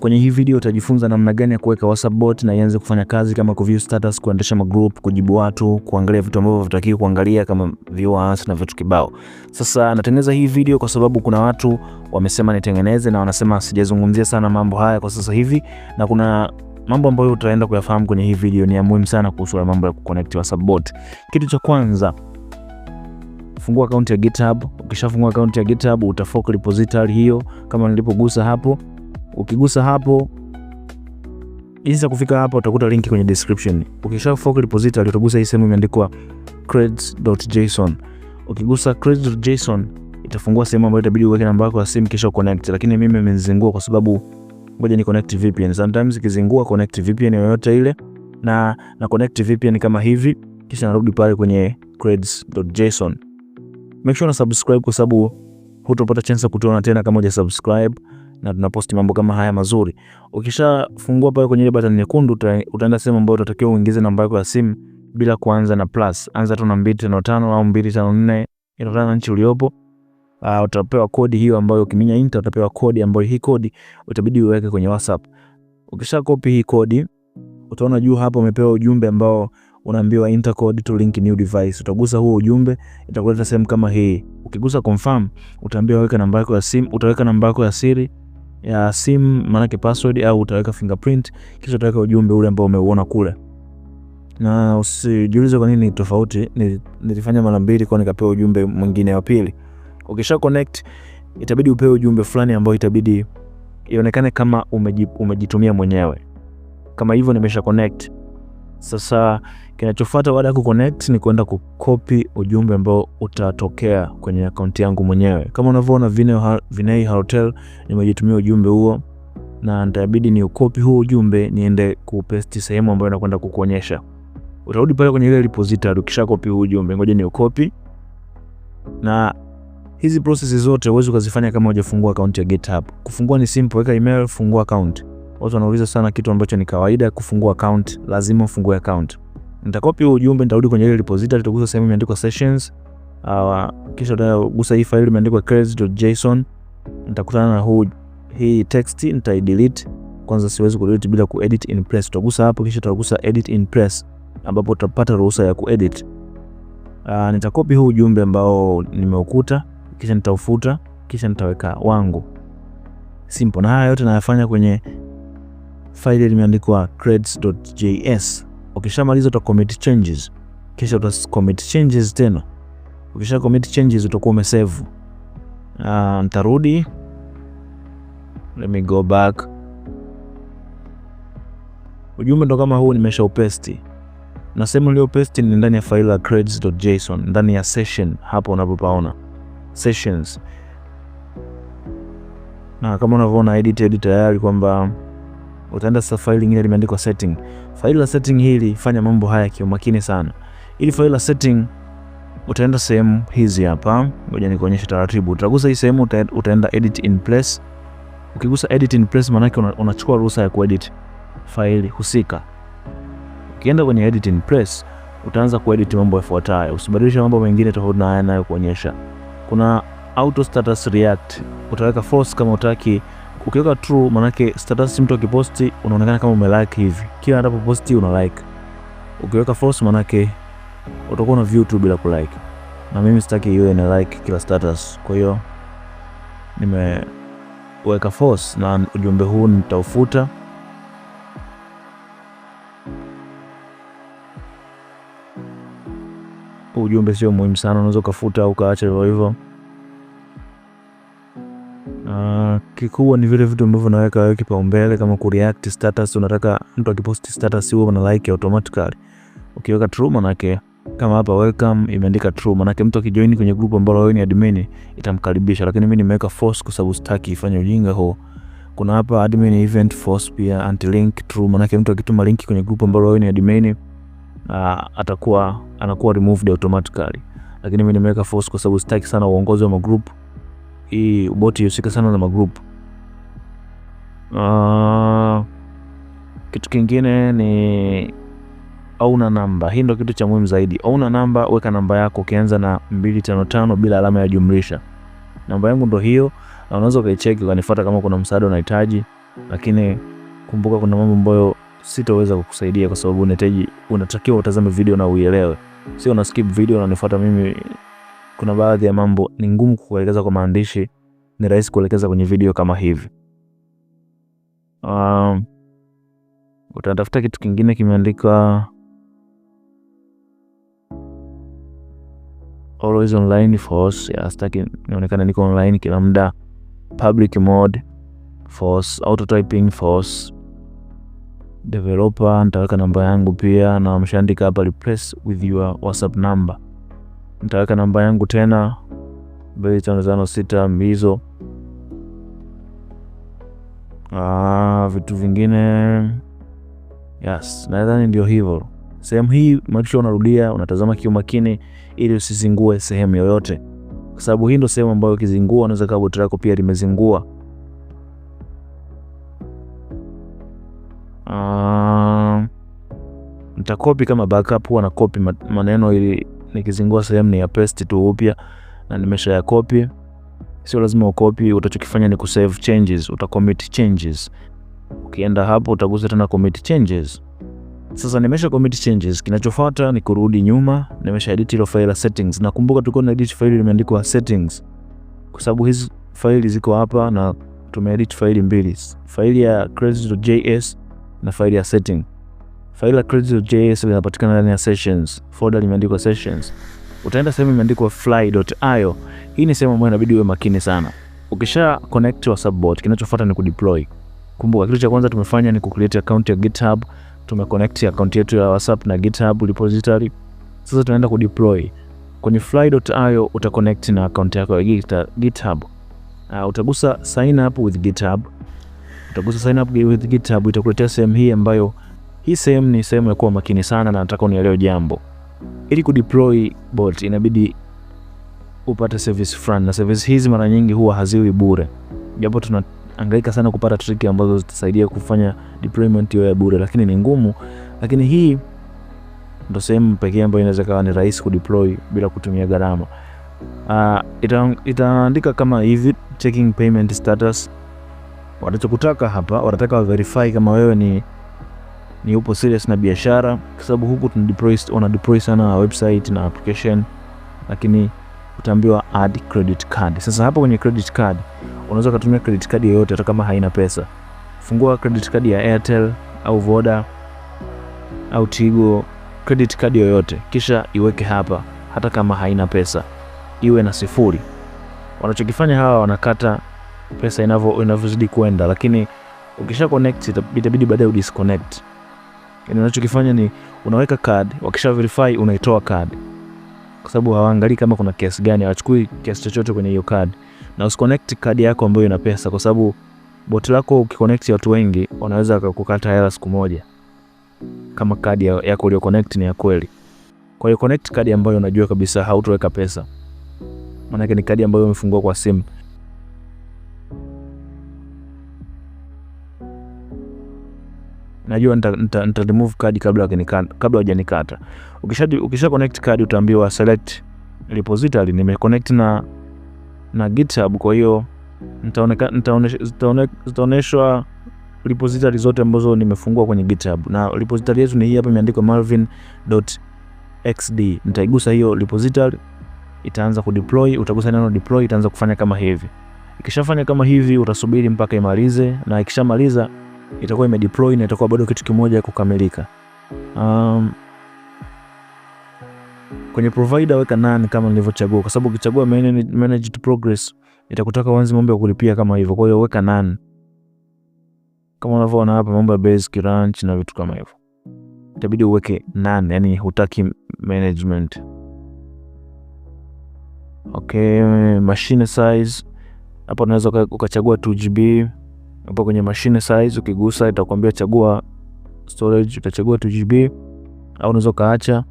Kwenye hii video utajifunza namna gani ya kuweka WhatsApp bot na ianze kufanya kazi kama ku view status, kuendesha magroup, kujibu watu, kuangalia vitu ambavyo vitakiwa kuangalia kama viewers na vitu kibao. Sasa natengeneza hii video kwa sababu kuna watu wamesema nitengeneze na wanasema sijazungumzia sana mambo haya kwa sasa hivi na kuna mambo ambayo utaenda kuyafahamu kwenye hii video ni ya muhimu sana kuhusu mambo ya kuconnect WhatsApp bot. Kitu cha kwanza Fungua akaunti ya GitHub. Ukishafungua akaunti ya GitHub utafoka repository hiyo kama nilipogusa hapo, Ukigusa hapo, jinsi ya kufika hapo utakuta linki kwenye description. Ukisha fork repository utagusa hii sehemu imeandikwa creds.json. Ukigusa creds.json itafungua sehemu ambayo itabidi uweke namba yako ya simu kisha connect, lakini mimi nimezingua kwa sababu ngoja ni connect VPN. Sometimes ikizingua connect VPN yoyote ile na na connect VPN kama hivi, kisha narudi pale kwenye creds.json. Make sure una subscribe kwa sababu hutopata chance ya kutuona tena kama hujasubscribe na tunaposti mambo kama haya mazuri. Ukishafungua pale kwenye ile button nyekundu, utaenda sehemu ambayo utatakiwa uingize namba yako ya simu bila kuanza na plus. Anza tu na 255 au 254 inatokana na nchi uliopo. Uh, utapewa kodi hiyo ambayo ukiminya enter utapewa kodi ambayo hii kodi utabidi uweke kwenye WhatsApp. Ukisha copy hii kodi, utaona juu hapo umepewa ujumbe ambao unaambiwa enter code to link new device. Utagusa huo ujumbe, itakuleta sehemu kama hii. Ukigusa confirm, utaambiwa weka namba yako ya simu, utaweka namba yako ya siri ya simu, maanake password, au utaweka fingerprint, kisha utaweka ujumbe ule ambao umeuona kule. Na usijiulize kwa nini tofauti. Nilifanya mara mbili kwa nikapewa ujumbe mwingine wa pili. Ukisha connect, itabidi upewe ujumbe fulani ambao itabidi ionekane kama umejitumia mwenyewe. Kama hivyo nimesha connect sasa kinachofuata baada ya kuconnect ni kwenda kukopi ujumbe ambao utatokea kwenye akaunti yangu mwenyewe. Kama unavyoona Vinei Hotel, nimejitumia ujumbe huo na nitabidi ni ukopi huo ujumbe niende kupesti sehemu ambayo nakwenda kukuonyesha. Utarudi pale kwenye ile repository ukishakopi huo ujumbe. Ngoja ni ukopi. Na hizi process zote huwezi ukazifanya kama hujafungua akaunti ya GitHub. Kufungua ni simple, weka email, fungua akaunti. Watu wanauliza sana kitu ambacho ni kawaida kufungua account, lazima ufungue account. Nitakopi ujumbe, nitarudi kwenye ile repository, nitagusa sehemu imeandikwa sessions, kisha nitagusa hii file imeandikwa credits.json. Nitakutana na huu hii text, nitai delete kwanza, siwezi ku delete bila ku edit in place. Utagusa hapo, kisha utagusa edit in place, ambapo utapata ruhusa ya ku edit. Uh, ah, Nitakopi huu ujumbe ambao nimeukuta, kisha nitaufuta, kisha nitaweka wangu. Simple, na haya yote nayafanya kwenye faili limeandikwa creds.js. Ukishamaliza uta commit changes, kisha uta commit changes tena. Ukisha commit changes utakuwa umesave. Uh, ntarudi, let me go back. Ujumbe ndo kama huu, nimesha upesti na sehemu iliyopesti ni ndani ya faili la creds.json, ndani ya session hapo unapopaona sessions, na kama unavyoona edit edit tayari kwamba utaenda sasa faili nyingine limeandikwa setting. Faili la setting hili fanya mambo haya kwa makini sana. Ili faili la setting utaenda sehemu hizi hapa, ngoja nikuonyeshe taratibu. Utagusa hii sehemu, utaenda edit in place. Ukigusa edit in place, maana yake unachukua ruhusa ya kuedit faili husika. Ukienda kwenye edit in place, utaanza kuedit mambo yafuatayo. Usibadilisha mambo mengine tofauti na haya nayo kuonyesha. Kuna auto status react, utaweka false kama utaki Ukiweka true, manake status mtu akiposti unaonekana kama umelike hivi, kila anapoposti una like. Ukiweka false, manake utakuwa una view tu bila ku like, na mimi sitaki iwe ni like kila status. Kwa hiyo nimeweka false na ujumbe huu nitaufuta. Ujumbe sio muhimu sana, unaweza ukafuta au ukaacha hivyo hivyo. kikubwa ni vile vitu ambavyo unaweka wewe kipaumbele, kama ku react status. Unataka mtu akipost status wewe una like automatically. Ukiweka true, manake kama hapa welcome imeandika true, manake mtu akijoin kwenye group ambalo wewe ni admin itamkaribisha, lakini mimi nimeweka false kwa sababu sitaki ifanye ujinga huo. Kuna hapa admin event false, pia anti link true, manake mtu akituma link kwenye group ambalo wewe ni admin uh, atakuwa anakuwa removed automatically, lakini mimi nimeweka false kwa sababu sitaki sana uongozi wa magroup hii boti husika sana na magrupu. Ah, kitu kingine ni auna namba. Hii ndo kitu cha muhimu zaidi. auna namba, weka namba yako ukianza na 255 bila alama ya jumlisha. Namba yangu ndo hiyo, na unaweza ukaicheki ukanifuata kama kuna msaada unahitaji, lakini kumbuka kuna mambo ambayo sitoweza kukusaidia kwa sababu unahitaji, unatakiwa utazame video na uielewe, sio una skip video na unifuata mimi. Kuna baadhi ya mambo ni ngumu kuelekeza kwa maandishi, ni rahisi kuelekeza kwenye video kama hivi. Um, utatafuta kitu kingine kimeandikwa always online force. Sitaki nionekane niko online kila muda. Public mode force, auto typing force, developer. Nitaweka namba yangu pia, na wameshaandika hapa replace with your whatsapp number. Nitaweka namba yangu tena, mbili tano tano sita mbizo Uh, vitu vingine yes, nadhani ndio hivyo. Sehemu hii makisha unarudia unatazama kiumakini, ili usizingue sehemu yoyote, kwa sababu hii ndio sehemu ambayo ukizingua unaweza kaa boti lako pia limezingua. Uh, nitakopi kama backup, huwa nakopi maneno ili nikizingua sehemu ni ya paste tu upya, na nimesha ya kopi. Sio lazima ukopi, utachokifanya ni kusave changes, uta commit changes. Ukienda hapo utagusa tena commit changes. Sasa nimesha commit changes, kinachofuata ni kurudi nyuma, nimesha edit ile file ya settings. Nakumbuka tulikuwa na edit file imeandikwa settings, kwa sababu hizi faili ziko hapa na tumeedit faili mbili, faili ya crazy.js na faili ya setting. Faili ya crazy.js linapatikana ndani ya sessions, folder limeandikwa sessions utaenda sehemu imeandikwa fly.io. Hii ni sehemu ambayo inabidi uwe makini sana. Ukisha connect WhatsApp bot, kinachofuata ni kudeploy. Kumbuka kitu cha kwanza tumefanya ni kucreate account ya GitHub, tumeconnect account yetu ya WhatsApp na GitHub repository. Sasa tunaenda kudeploy. Kwenye fly.io utaconnect na account yako ya GitHub. Uh, utagusa sign up with GitHub. Utagusa sign up with GitHub itakuletea sehemu hii ambayo hii sehemu ni sehemu ya kuwa makini sana na nataka unielewe jambo ili kudeploy bot inabidi upate service fulani, na service hizi mara nyingi huwa haziwi bure, japo tunaangaika sana kupata trick ambazo zitasaidia kufanya deployment hiyo ya bure, lakini ni ngumu. Lakini hii ndo sehemu pekee ambayo inaweza kawa ni rahisi kudeploy bila kutumia gharama. Uh, itaandika ita kama hivi checking payment status. Wanachokutaka hapa wanataka wa verify kama wewe ni ni upo serious na biashara, kwa sababu huku tuna deploy, wana deploy sana website na application, lakini utaambiwa add credit card. Sasa hapa kwenye credit card unaweza kutumia credit card yoyote hata kama haina pesa. Fungua credit card ya Airtel au Voda au Tigo, credit card yoyote, kisha iweke hapa, hata kama haina pesa, iwe na sifuri. Wanachokifanya hawa wanakata pesa inavyo inavyozidi kwenda, lakini ukisha connect itabidi baadaye udisconnect. Yani unachokifanya ni unaweka card, wakisha verify unaitoa card, kwa sababu hawaangalii kama kuna kiasi gani, hawachukui kiasi chochote kwenye hiyo card. Na usiconnect card yako ambayo ina pesa, kwa sababu bot lako ukiconnect watu wengi wanaweza kukata hela siku moja, kama kadi yako ulio connect ni ya kweli. Kwa hiyo connect kadi ambayo unajua kabisa hautoweka pesa, maanake ni kadi ambayo umefungua kwa simu. najua nita, nita, nita remove card kabla wakinikata, kabla hawajanikata. Ukisha ukisha connect card utaambiwa select repository. Nime connect na na GitHub, kwa hiyo zitaonyeshwa repository zote ambazo nimefungua kwenye GitHub, na repository yetu ni hii hapa, imeandikwa Malvin.xd. Nitaigusa hiyo repository, itaanza kudeploy. Utagusa neno deploy, itaanza kufanya kama hivi. Ikishafanya kama hivi, utasubiri mpaka imalize, na ikishamaliza itakuwa imedeploy na itakuwa bado kitu kimoja kukamilika. Um, kwenye provider weka nani kama nilivyochagua, kwa sababu ukichagua managed progress itakutaka uanze mambo ya kulipia kama hivyo. Kwa hiyo weka nani kama unavyoona hapa mambo ya basic ranch na vitu kama hivyo itabidi uweke nani, yani hutaki management. Okay, machine size hapa unaweza ukachagua 2GB hapa kwenye mashine size ukigusa itakwambia chagua storage, utachagua 2GB au unaweza kaacha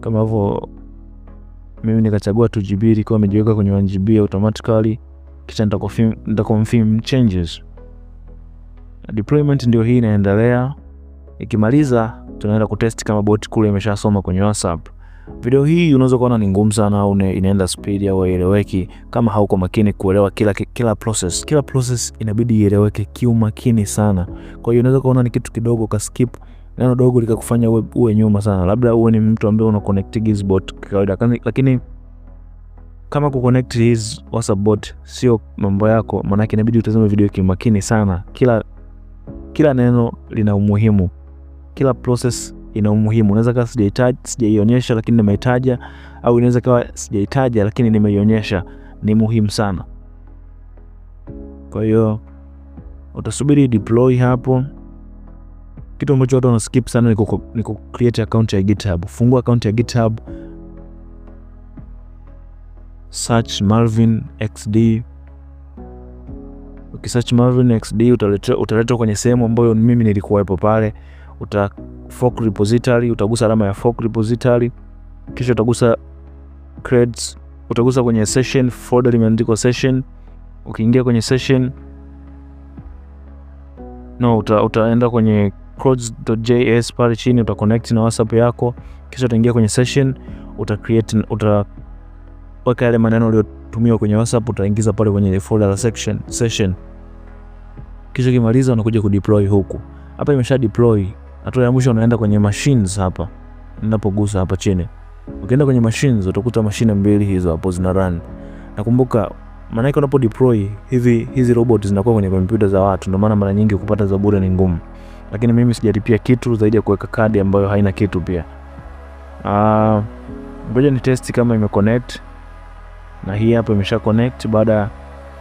kama hivyo. Mimi nikachagua 2GB, ilikuwa imejiweka kwenye 1GB automatically, kisha nitakonfirm nitakonfirm changes. Deployment ndio hii inaendelea, ikimaliza tunaenda kutest kama bot kule imeshasoma kwenye WhatsApp. Video hii unaweza kuona ni ngumu sana au inaenda speed au haieleweki kama hauko makini kuelewa kila, kila process. Kila process inabidi ieleweke kiumakini sana. Kwa hiyo unaweza kuona ni kitu kidogo ka skip neno dogo likakufanya uwe, uwe nyuma sana. Labda uwe ni mtu ambaye una connect Gizbot kawaida, lakini kama ku connect his WhatsApp bot sio mambo yako, maana inabidi utazame video makini sana. Kila kila neno lina umuhimu, kila process ina umuhimu. Unaweza kawa sijaitaja, sijaionyesha lakini nimeitaja, au inaweza kawa sijaitaja lakini nimeionyesha. Ni muhimu sana. Kwa hiyo utasubiri deploy hapo. Kitu ambacho watu wanaskip sana ni ku create account ya GitHub. Fungua account ya GitHub, search Marvin XD. Ukisearch Marvin XD utaletwa utaletwa kwenye sehemu ambayo mimi nilikuwepo pale uta fork repository, utagusa alama ya fork repository, kisha utagusa creds, utagusa kwenye session folder limeandikwa session. Ukiingia kwenye session no, uta, utaenda kwenye creds.js pale chini uta connect na WhatsApp yako, kisha utaingia kwenye session uta create, uta weka yale maneno uliyotumia kwenye WhatsApp utaingiza pale kwenye folder la section session, kisha kimaliza unakuja kudeploy huku. Hapa imesha deploy. Hatua ya mwisho unaenda kwenye machines hapa. Ninapogusa hapa chini. Ukienda kwenye machines utakuta mashine mbili hizo hapo zina run. Nakumbuka maana yake unapo deploy hivi hizi robots zinakuwa kwenye kompyuta za watu, ndio maana mara nyingi kupata za bure ni ngumu. Lakini mimi sijalipia kitu zaidi ya kuweka kadi ambayo haina kitu pia. Ah, ngoja ni test kama imeconnect. Na hii hapa imesha connect baada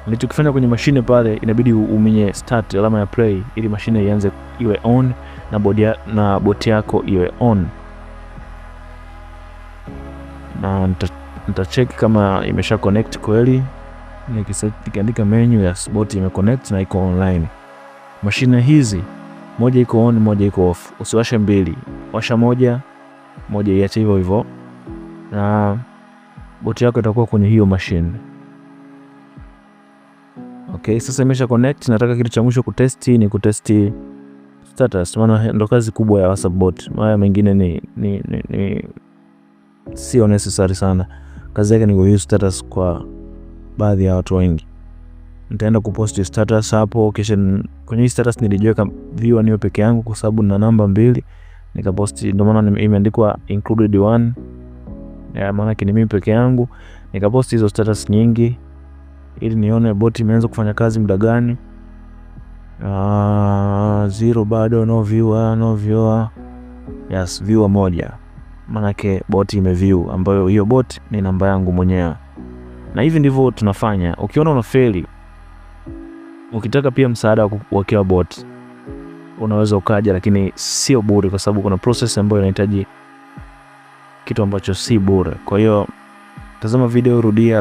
nilichokifanya kwenye mashine pale inabidi uminye start alama ya play ili mashine ianze iwe on na, bodi na boti yako iwe on, na nitacheki kama imesha connect kweli. Nikiandika menu ya boti imeconnect na iko online. Mashine hizi moja iko on, moja iko off. Usiwashe mbili, washa moja, moja iache hivyo hivyo, na boti yako itakuwa kwenye hiyo mashine. Okay, sasa imesha connect. Nataka kitu cha mwisho kutesti ni kutesti status, maana ndo kazi kubwa ya WhatsApp bot. Haya mengine ni, ni, ni, ni sio necessary sana, kazi yake ni ku use status kwa baadhi ya watu wengi. Nitaenda kuposti status hapo, kisha kwenye status nilijiweka viewer niwe peke yangu kwa sababu na namba mbili nikaposti, ndio maana imeandikwa included one, ya maana ni mimi peke yangu. Nikaposti hizo status nyingi ili nione bot imeanza kufanya kazi muda gani. Ah, zero bado, no viewer, no viewer. Yes, viewer moja, manake bot imeview, ambayo hiyo bot ni namba yangu mwenyewe. Na hivi ndivyo tunafanya. Ukiona feli, ukitaka pia msaada wa kila bot unaweza ukaja, lakini sio bure, kwa sababu kuna process ambayo inahitaji kitu ambacho si bure. Kwa hiyo tazama video, rudia.